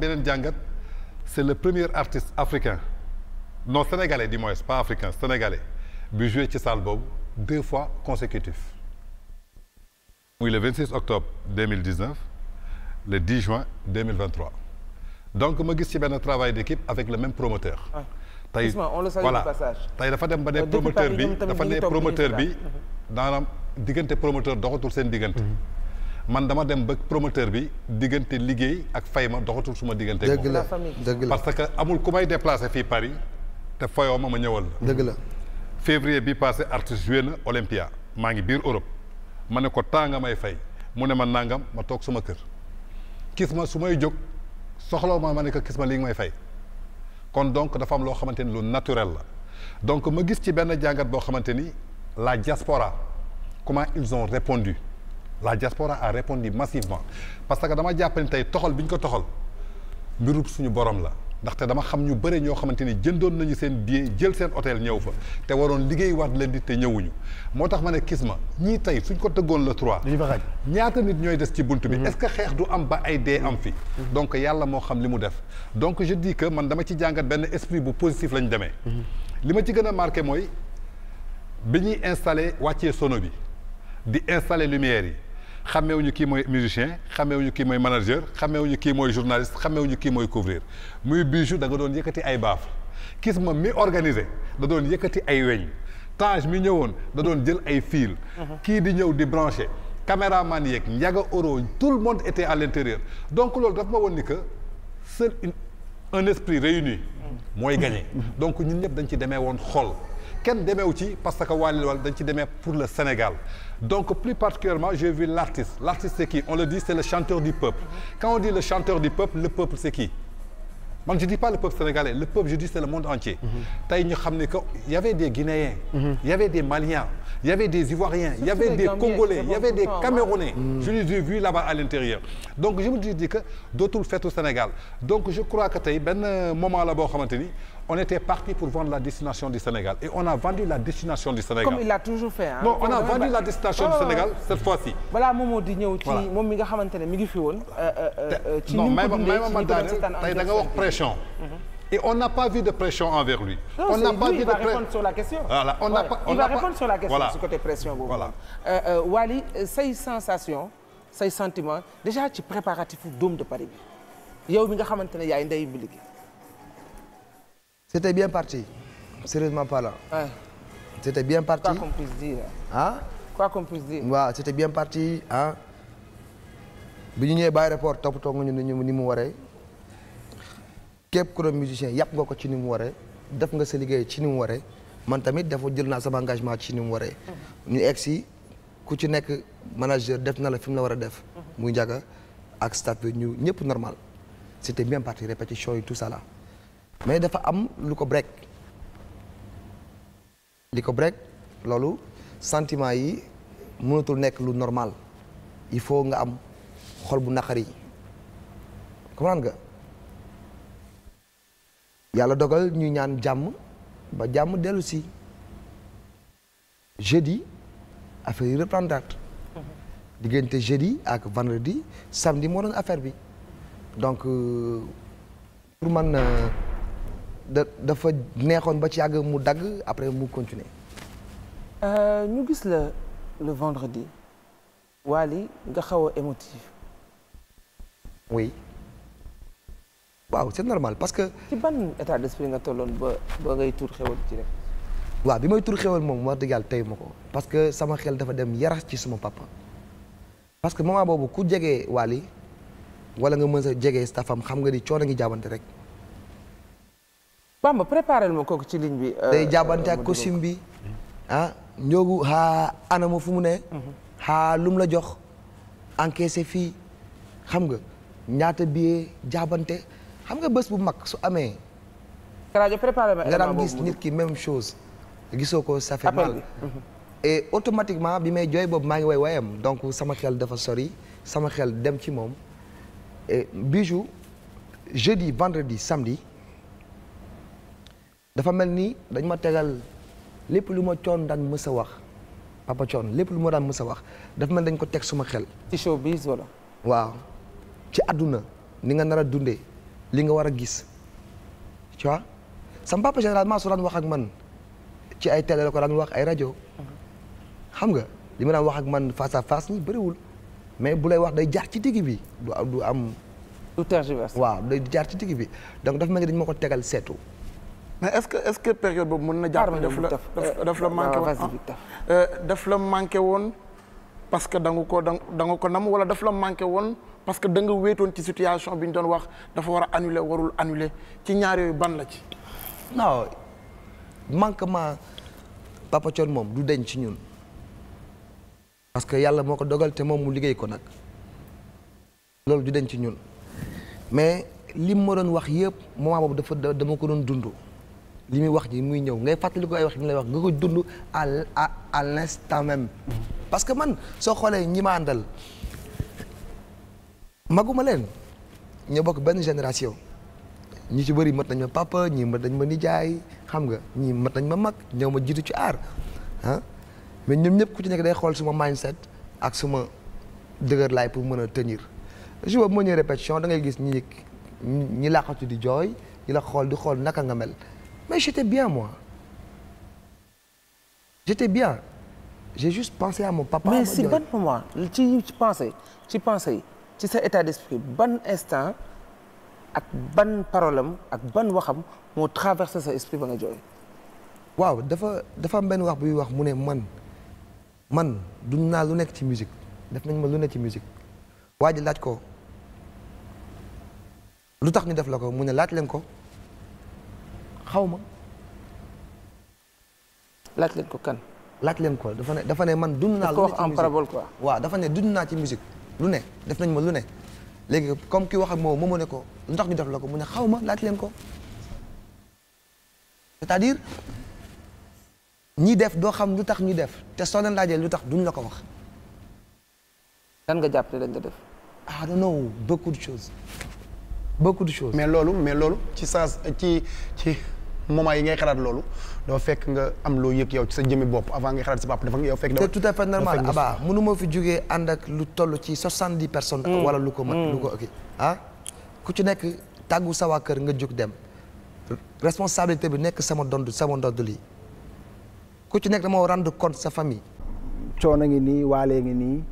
beneen jàngat c'est le premier artiste africain no sénégalais du moins pas africain sénégalais bu joué ci salle boobu deux fois consécutif muy le 26 octobre 2019 le 10 juin 2023 donc ma gis ci benn travail d'équipe avec le même promoteur ah. tey voilà tey dafa dem ba ne euh, promoteur bi dafa ne bi daanaam diggante promoteur doxatul seen diggante mhm. man dama dem ba promoteur bi diggante liggéey ak fay ma doxatul suma diggante. dëgg la parce que amul ku may déplacé fii Paris te fayoo ma ma ñëwal la. la février bi passé artiste joué na Olympia maa ngi biir Europe ma ne ko temps nga may fay mu ne ma nangam ma toog suma kër kis ma su may jóg soxla ma ma ne ko kis ma li nga may fay kon donc dafa am loo xamante ni lu naturel la donc ma gis ci benn jàngat boo xamante ni la diaspora comment ils ont répondu la diaspora a répondu massivement parce que dama jàpp tey toxal bi ñu ko toxal mbirub suñu borom la ndaxte dama xam ñu bëre ñoo xamante ni jëndoon nañu seen billet jël seen hôtel ñëw fa te waroon liggéey waat leen di te ñëwuñu moo tax ma ne kis ma ñii tey suñ ko tëggoon le trois ñaata nit ñooy des ci bunt bi mhm. est-ce que xeex du am ba ay dee am fi mhm. donc yàlla moo xam li mu def donc je di que man dama ci jàngat benn esprit bu positif lañ demee mhm. li ma ci gën a marqué mooy bi ñuy installé wàccee sono bi di installé lumière yi xamewuñu kii mooy musicien xamewuñu kii mooy manager ñu kii mooy journaliste xamewuñu kii mooy couvrir muy bijou da nga doon yëkkati ay baaf kis ma mi organisé da doon yëkkati ay weñ Tange mi ñëwoon da doon jël ay fil. Mhm. kii di ñëw di branché caméraman yeeg njaga oro tout le monde été à l'intérieur donc loolu daf ma woon ni que un esprit réuni mhm. mooy gagné donc ñun ñëpp dañu ci demee woon xol kenn demeewu ci parce que wàllil wàll dañ ci demee pour le Sénégal Donc plus particulièrement, j'ai vu l'artiste. L'artiste c'est qui On le dit, c'est le chanteur du peuple. Quand on dit le chanteur du peuple, le peuple c'est qui man je dis pas le peuple sénégalais le peuple je dis c'est le monde entier mhm. tey ñu xam ni que y avait des Guinéens mhm. y avait des Maliens il y avait des Ivoiriens, il y avait des Congolais, il y avait des Camerounais. Mm. Je les ai vus là-bas à l'intérieur. Donc je me dis que dootul feetu Sénégal. Donc je crois que tey benn moment la boo xamante ni on était parti pour vendre la destination du Sénégal et on a vendu la destination du Sénégal. Comme il l'a toujours fait hein. Non, on a vendu la destination du oh. Sénégal cette fois-ci. Voilà moomoo di ñëw ci moom mi nga xamante ne mi ngi fi woon. ci ni mu ko dundee ci li ko tey da nga wax pression. Mm-hmm. et on n'a pas vu de pression envers lui. i on n'a pas lui, vu il va répondre sur la question. Voilà, on n'a voilà. pas on il va pas... répondre sur la question voilà. ce pression boobu. voilà euh, euh, say sensation say sentiment déjà ci préparatifu Dôme de Paris bi yow mi nga xamante ne yaay ndey bi liggéey. c'était bien parti sérieusement parlant. Ouais. c'était bien parti quoi qu'on puisse dire. ah. quoi qu'on bien parti ah. bi ñu ñëwee ba aéroport toppatoo nga ñu ni mu waree. képp ku doon musicien yàpp nga ko ci ni mu waree def nga sa liggéey ci ni mu waree man tamit dafa jël naa sama engagement ci ni mu waree. ñu egg si ku ci nekk manager def na la fi mu la war a def. muy njaga ak staff bi ñu ñëpp normal c' était bien parti répétition yi tout ça mais dafa am lu ko break li ko break loolu sentiment yi mënatul nekk lu normal il faut nga am xol bu naqari comprendre yàlla dogal ñu ñaan jàmm ba jàmm dellusi si jeudi affaire yi reprendraat diggante jeudi ak vendredi samedi moo doon affaire bi donc euh, pour man na euh, dafa neexoon ba ci yàgg mu dagg après mu continuer euh, ñu gis la le vendredi Wally nga xaw a émotif waaw c'est normal parce que. ci ban état d'esprit nga tolloon ba ba ngay tuur xewal ci rek. waaw bi may tuur xewal moom wax dëgg tey ma ko parce que sama xel dafa dem yarax ci suma papa. parce que moment boobu ku jege Wally wala nga mën sa jege staffam xam nga ni coono ngi jaabante rek. Bamba préparé ma kooku ci ligne bi. Euh, day jaabante ak euh, costume bi ah ñoogu xaa anama fu mu ne. xaa mhm. lum la jox encaissé fii xam nga ñaata billet jaabante. xam nga bés bu mag su amee. rajo préparé ma nga daan gis nit ki même chose. gisoo ko ça fait mal mhm. et automatiquement bi may jooy boobu maa ngi way wayam donc sama xel dafa sori sama xel dem ci moom et bijou jeudi vendredi samedi dafa mel ni dañ ma tegal lépp lu ma coon daan mës a wax papa coon lépp lu ma daan mës a wax dafa mel dañ ko teg suma xel. ci showbiz wala. waaw ci àdduna ni nga nar a dundee. li nga war a gis tu vois sama papa généralement su daan wax ak man ci ay télé la ko daan wax ay rajo xam nga li ma daan wax ak man face à face ni bëriwul mais bu lay wax day jaar ci digg bi du am du am. du waaw day jaar ci digg bi donc dafa mel ni dañ ma ko tegal seetu. mais est-ce que est-ce période boobu mën na jàpp daf la euh, euh, daf la manqué woon daf la manqué woon. parce que da ko da nga ko nam wala daf la manqué woon parce que da nga wéetoon ci situation bi ñu doon wax dafa war a annuler warul annuler ci ñaar yooyu ban la ci. non manquement Papa moom du deñ ci ñun parce que yàlla moo ko dogal te moom mu liggéey ko nag loolu du deñ ci ñun mais li mu ma doon wax yëpp moment boobu dafa dama ko doon dund. li muy wax ji muy ñëw ngay fàttali ay wax yi lay wax nga ko dund à à à l'instant même. parce que man soo xoolee ñi ma àndal maguma leen ñu bokk benn génération ñi ci bëri mat nañ ma papa ñii mat nañ ma nijaay xam nga ñi mat nañ ma mag ñëw ma jiitu ci aar ah ñoom ñëpp ku ci nekk day xool suma set ak suma dëgër laay pour mën a tenir jour boobu moo ñëw répétition da ngay gis ñi ñi laqatu di jooy ñi la xool di xool naka nga mel mais j'étais bien moi j'étais bien j'ai juste pensé à mon papa. mais si ban moment ci ci pensé ci pensé yi ci sa état d'esprit ban instant ak ban parole ak ban waxam moo traversé sa esprit ba nga jooy. waaw dafa dafa am benn wax buy wax mu ne man man du naa lu nekk ci musique def nañ ma lu nekk ci musique waa ji laaj ko lu tax ñu def la ko mu ne laaj leen ko xawma laaj leen ko kan. laaj leen ko dafa ne dafa ne man dund naa. lu ne ci musique parabole quoi. waaw dafa ne dund naa ci musique lu ne def nañ ma lu ne léegi comme ki wax ak moom moomu ne ko lu tax ñu def la ko mu ne xaw ma laaj leen ko c'est-à-dire ñi def doo xam lu tax ñu def te soo leen laajee lu tax duñ la ko wax. lan nga jàpp ne dañ ko def. I don't know beaucoup de choses beaucoup de choses. mais loolu mais loolu ci saa ci ci moment yi ngay xalaat loolu. doo fekk nga am loo yëg yow ci sa jëmmi bopp avant nga xalaat sa papa dafa yow fekk. dafa c'est tout à fait normal Abba mënu ma fi jógee ànd ak lu toll ci soixante-dix personnes. Mm. wala lu ko man mm. lu ko ok ah, ku ci nekk tàggu sa waa kër nga jóg dem responsabilité bi nekk sama dond sama ndodd lii ku ci nekk dama rendre compte sa famille. coono ngi nii waalee ngi nii.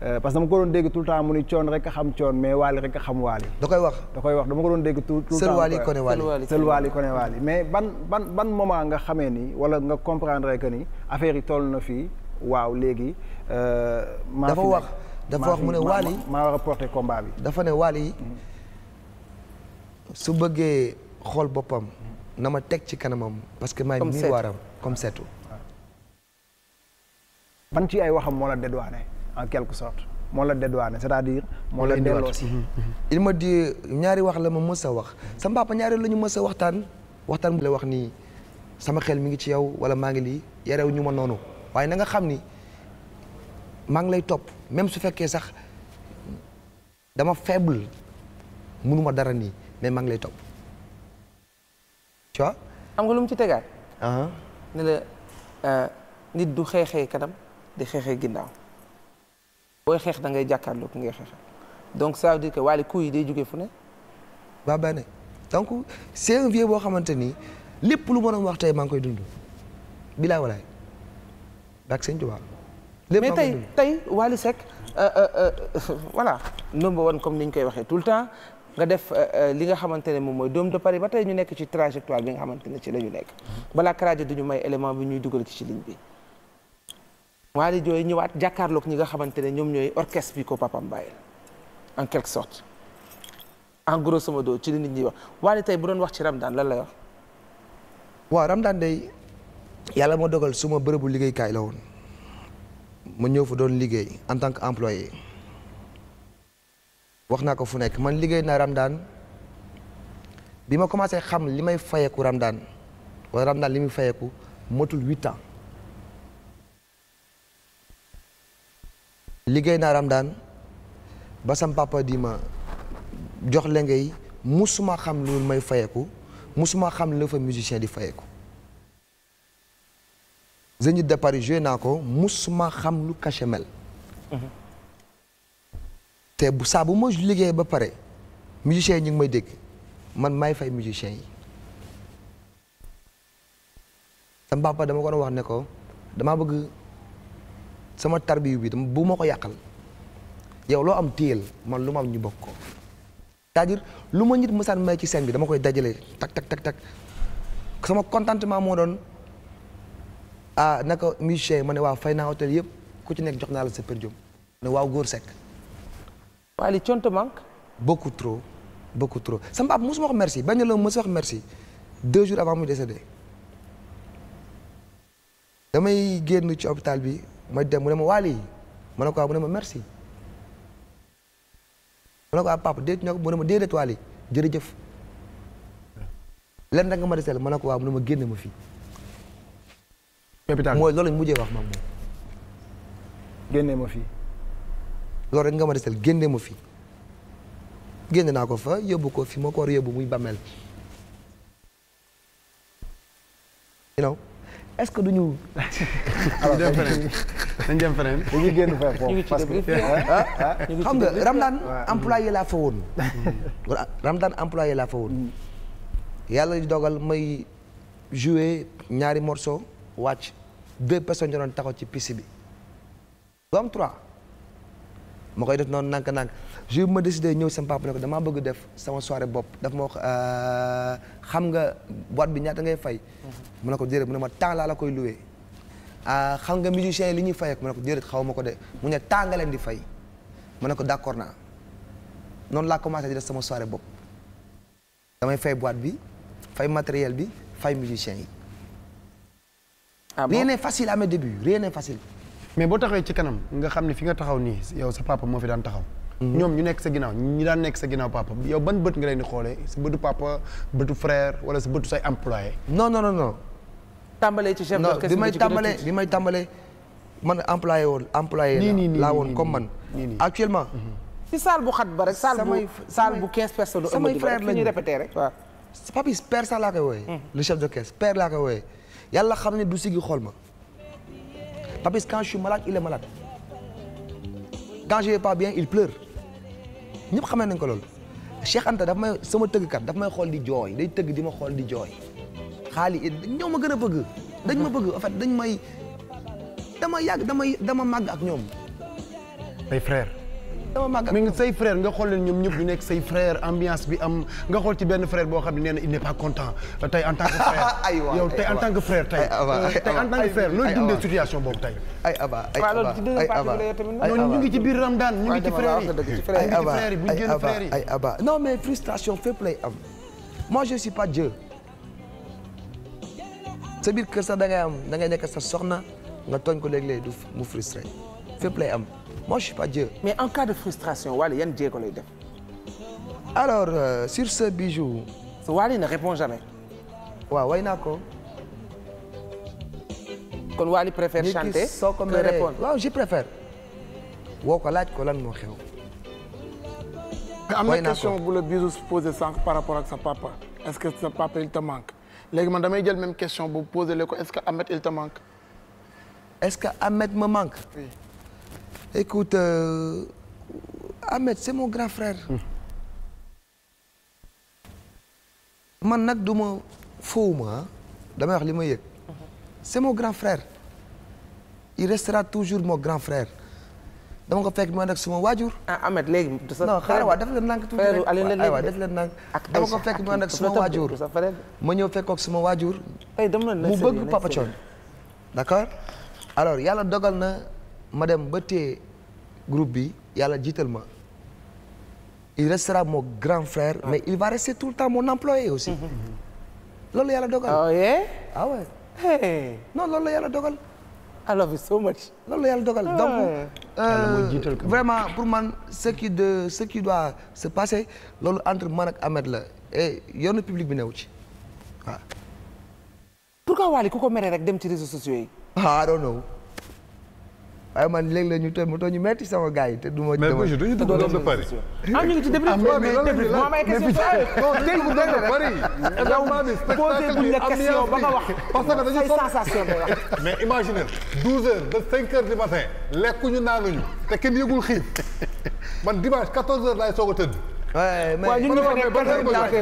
Euh, parce que dama ko doon dégg tout le temps mu ni coon rek a xam coon mais waali rek a xam waali da koy wax da koy wax dama ko doon dégg tout tout le temps seul waali kone waali seul waali kone waali mais ban ban ban moment nga xamee ni wala nga comprendre que ni affaire yi toll na fii waaw léegi euh, maa dafa wax dafa wax mu ne maa war a porter combat bi dafa ne waali mhm. su bëggee xool boppam na ma teg ci kanamam parce que maay miroiram comme seetu ban ci ay waxam moo la dédouané en moo la dédouané c'est-à-dire moo la delloosi mhm, mhm. il m'a di ñaari wax la ma mës wax sa papa ñaari la ñu mës a waxtaan waxtaan bu la wax nii sama xel mi ngi ci yow wala maa ngi lii yarew ñu ma noonu waaye na nga xam ni maa ngi lay topp même su fekkee sax dama faible mënuma dara nii mais maa lay topp tu vois xam nga lu mu ci tegaat ah. ne la euh, nit du xeexee kanam di xeexee ginnaaw booy xeex da ngay jàkkaarloo ku ngay xeexal donc ça veut dire que waale coup yi day jógee fu ne. baa bane donc c'est un boo xamante ni lépp lu ma wax tey maa ngi koy dund. bilaa walaay. ak sëñ Tuubaa. lépp mais tey tey Wally Seck euh, euh, euh, voilà number one comme ni ñu koy waxee tout le temps nga def li nga xamante ne moom mooy doom de pare ba tey ñu nekk ci trajectoire bi nga xamante ne ci la ñu nekk. balaa Karajo du ñu may élément bi ñuy dugal ci ligne bi. Waly Dioy ñëwaat jàkkaarloog ñi nga xamante ne ñoom ñooy orchestre bi ko papam bàyyil en quelque sorte en grosso modo ci li nit ñi wax Waly tey bu doon wax ci Ramadan lan lay wax. waaw Ramadan day yàlla moo dogal suma bërëbu liggéeykaay la woon ma ñëw fa doon liggéey en tant que employé wax naa ko fu nekk man liggéey naa Ramadan bi ma commencé xam li may fayeku Ramadan wala Ramadan li muy fayeku motul huit ans. liggéey naa Ramadaan ba sam papa di ma jox la musuma xam lu may fayeku musuma xam la fa musicien di fayeku Zénith de Paris joué naa ko musuma xam lu cachet mel te bu saa bu ma liggéey ba pare musiciens yi ñu ngi may dégg man may fay musiciens yi sam dama ko wax ne dama bëgg sama tarbiyu bi bu ma ko yàqal yow loo am téyel man lu ma am ñu bokk ko cest lu ma nit mësaan may ci scène bi dama koy dajale tak tak tak sama contentement moo doon ah naka musicien ma ne waaw fay naa hôtel yëpp ku ci nekk jox naa la sa per ne waaw góor sekk waaye li conte manque beaucoup trop beaucoup trop sama papa mosuma wax merci benn la mos wax merci deux jours avant muy décédé damay génn ci hôpital bi ma dem mu ne ma waali ma ne ko mu ne ma merci ma ne ko ah, papa déet ñoo mu ne ma déedéet waali jërëjëf lenn rek nga ma desel ma ne ko waaw mu ne ma génne ma fii. capital mooy loolu mujjee wax ma moom. génne ma rek nga ma desel génne ma fii génne naa ko fa yóbbu ko fi ma ko war yóbbu muy bàmmeel. you est-ce que duñu. alors dañuy dem feneen dañuy génn feneen parce que xam nga woon. Mm-hmm. Ramadane employé laa fa woon. yàlla di dogal may jouer ñaari morceau wàcc deux personnes ñu ci piste bi. moo koy def noonu nànk-nànk jour bi ma décidé ñëw sama papa ne ko damaa bëgg def sama soirée bopp daf ma euh, xam nga boîte bi ñaata ngay fay. Mm-hmm. mu ne ko déedéet mu ne ma temps laa la koy loué. Euh, xam nga musiciens yi li ñuy fay ak ko déedéet xaw ma ko de mu ne temps nga leen di fay mu ne ko d'accord naa noonu laa commencé di def sama soirée bopp. damay fay boîte bi fay matériel bi fay musiciens yi. ah bon rien n'est facile à mes débuts facile. mais boo taxawee ci kanam nga xam ne fi nga taxaw nii yow sa papa moo fi daan taxaw. ñoom ñu nekk sa ginaaw ñi daan nekk sa ginnaaw papa yow ban bët nga leen di xoolee sa bëtu papa bëtu frère wala sa bëtu say employé. no non non non. tàmbalee ci chef d'orchestre bi may tàmbalee bi may tàmbalee man employé woon employé laa woon comme man actuellement. Mm-hmm. ci salle bu xat ba rek. salle bu salle bu 15 personnes. samay frère lañu répété rek waaw. papis père sax laa koy wooyee. Mm. le chef d'orchestre père laa koy wooyee. yàlla xam ne du sigi xool ma. Papis, quand je suis malade il est malade pas bien il pleure ñëpp xamee nañ ko loolu Cheikh Anta may sama tëggkat daf may xool di jooy day tëgg di ma xool di jooy xaali ñoo ma gën a bëgg dañ ma bëgg en fait dañ may dama yàgg dama dama màgg ak ñoom ay frère dama màgg mais say frère nga xool leen ñoom ñëpp ñu nekk say frère ambiance bi am nga xool ci benn frère boo xam ne nee na il n'est pas content tey en tant que frère. aywa yow en tant que frère tey. tey situation boobu tey. ay aba ay aba ngi ci biir Ramadan daan ngi ci frère yi. frère bu ñu génn frère yi. ay aba lay am. moi je suis pas Dieu. sa biir kër sax da ngay am da ngay nekk sa soxna nga tooñ ko léeg-léeg du mu frustré fépp lay am. moi je suis Dieu. mais en cas de frustration Wally yan jéego lay def. alors euh, sur ce bijou. So, ne répond jamais. waaw way naa ko. kon Wally préfère chanter soo ko meree répondre je préfère. woo ko laaj ko lan moo xew. am na question bu la Bijou posé sànq par rapport ak sa papa est-ce que sa papa il te manque léegi man damay jël même question bu posé le ko est-ce que Ahmed il te manque. est-ce que Ahmed me manque. Écoute, euh, Ahmed c'est mon grand frère. man nag du ma fowuma ah. damay wax li ma yëg. c'est mon grand frère. il restera toujours mon grand frère. dama ko fekk ma nekk suma waajur. ah Ahmed léegi. du sa non xaaral waa leen nànk tuuti rek aywa def leen nànk. ak dama ko fekk ma nekk suma waajur. ñëw fekk ak suma waajur. mu bëgg Papa Thione. d'accord alors dogal na. ma dem ba téye groupe bi yàlla jiital ma il restera mon grand frère ah. mais il va rester tout le temps mon employé aussi mm-hmm, mm-hmm. loolu yàlla dogal oh la yàlla dogal I love you so dogal donc euh, vraiment pour man ce qui de ce qui doit se passer loolu entre man ak la yon yoonu public bi newu ci waaw pourquoi Wally ku ko mere rek dem ci réseau sociaux yi I don't know waaye man léeg-léeg ñu tooñ mu tooñ ñu metti sama gars yi te du ma. mais monsieur du ñu de Paris. ah ñu ngi ci débrief ah, mais débrief la question ba nga wax. Eh parce que dañuy naanuñu te kenn yëgul xiif man dimanche a tëdd.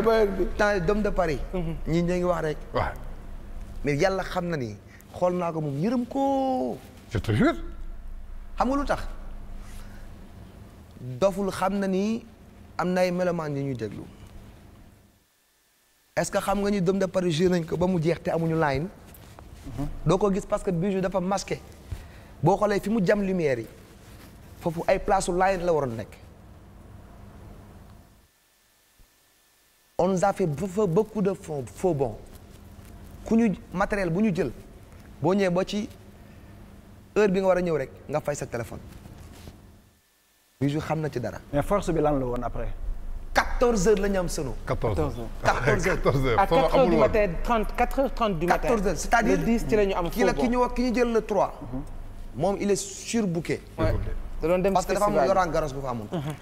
waaye doom de Paris. Mhm. ñi ñu ngi wax rek. waaw mais yàlla xam na ni xool naa ko moom yërëm ko. xam nga lu tax doful xam na ni am na ay melomaan yu ñuy déglu est-ce que xam nga ni Dôme de Paris joué nañ ko ba mu jeex te amuñu line mhm. doo ko gis parce que bijou dafa masqué boo xoolee fi mu jam lumière yi foofu ay place line la waroon nekk on nous a fait beaucoup de faux bons ku ñu matériel bu ñu jël boo ñëwee ba ci heure bi nga war a ñëw rek nga fay sa téléphone Bijou xam na ci dara. mais force bi lan la woon après. 14 heures la ñu am sono. 14 heures 14 heures 14 heures. à 4 heures du matin ci la ñu am. kii la ki ñu wax ki ñu jël le 3. Mhm. moom il est surbooké. da doon dem parce que dafa am yoraan garas bu fa amoon. Mhm.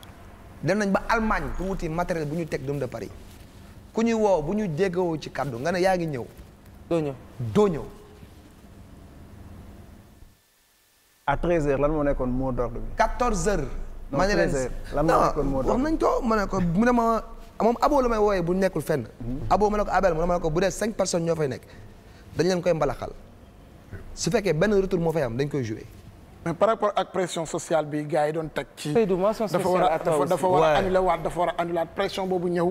dem nañ ba Allemagne pour wuti matériel bu ñu teg doomu de Paris. ku ñuy woo bu ñu jéggoo ci kaddu nga ne yaa ngi ñëw. doo ñëw doo ñëw. à 13h lan moo nekkoon bi. 14h. ma ne moo nekkoon mot wax nañ koo ma ne ko mu ma moom abo la may wooyee bu nekkul fenn. Mhm. abo ma ne ko abel ma ne ko bu dee cinq ñoo fay nekk dañ leen koy mbalaxal su fekkee benn retour moo fay am dañ koy joué. mais par rapport ak pression sociale bi gars yi doon teg ci. dafa war a dafa war a annulé waat dafa war a annulé waat pression boobu ñëw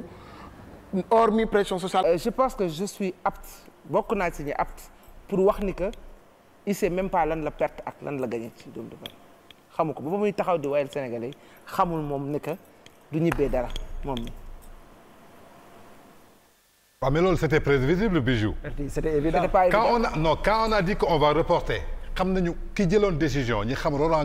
hormis pression sociale. Euh, je pense que je suis apte bokk naa ci ñi apte pour wax ni que. il sait même pas lan la perte ak lan la gagné ci doomu Dóor xamu ko ba muy taxaw di wayal Sénégalais yi xamul moom ne que du ñibbee dara moom la. Ah, waaw mais loolu c' était prévisible Bijou. c' était évident on a non quand on a va reporter xam nañu ki jëloon décision ñi xam Roland.